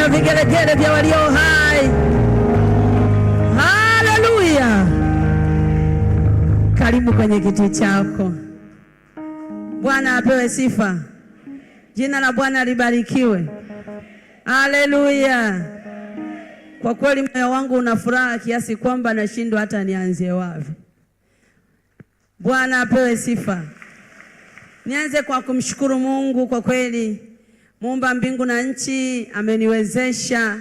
na vigelegele vya walio hai. Haleluya! Karibu kwenye kiti chako. Bwana apewe sifa, jina la Bwana libarikiwe. Haleluya! Kwa kweli moyo wangu una furaha kiasi kwamba nashindwa hata nianzie wapi. Bwana apewe sifa. Nianze kwa kumshukuru Mungu kwa kweli Muumba mbingu na nchi ameniwezesha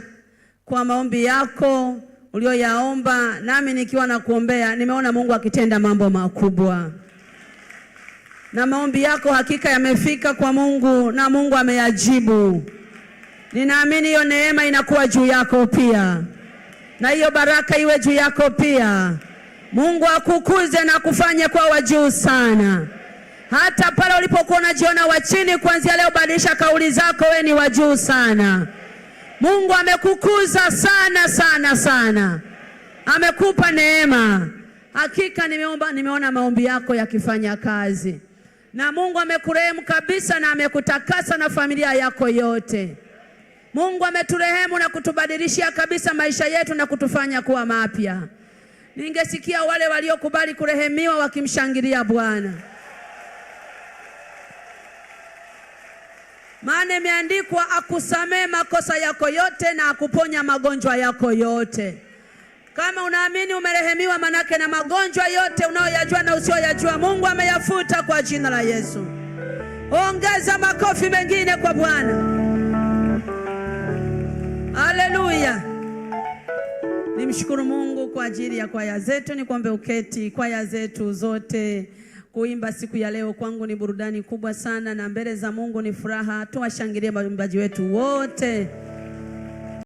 kwa maombi yako ulioyaomba, nami nikiwa na kuombea, nimeona Mungu akitenda mambo makubwa, na maombi yako hakika yamefika kwa Mungu na Mungu ameyajibu. Ninaamini hiyo neema inakuwa juu yako pia, na hiyo baraka iwe juu yako pia. Mungu akukuze na kufanye kwa wajuu sana. Hata pale ulipokuwa unajiona wa chini, kuanzia leo badilisha kauli zako, wewe ni wa juu sana. Mungu amekukuza sana sana sana, amekupa neema. Hakika nimeomba, nimeona maombi yako yakifanya kazi, na Mungu amekurehemu kabisa, na amekutakasa na familia yako yote. Mungu ameturehemu na kutubadilishia kabisa maisha yetu na kutufanya kuwa mapya. Ningesikia wale waliokubali kurehemiwa wakimshangilia Bwana. maana imeandikwa akusamee makosa yako yote na akuponya magonjwa yako yote. Kama unaamini umerehemiwa, manake na magonjwa yote unaoyajua na usiyoyajua Mungu ameyafuta kwa jina la Yesu. Ongeza makofi mengine kwa Bwana, haleluya. Nimshukuru Mungu kwa ajili ya kwaya zetu. Nikwambie uketi, kwaya zetu zote Kuimba siku ya leo kwangu ni burudani kubwa sana, na mbele za Mungu ni furaha. Tuwashangilie waimbaji wetu wote.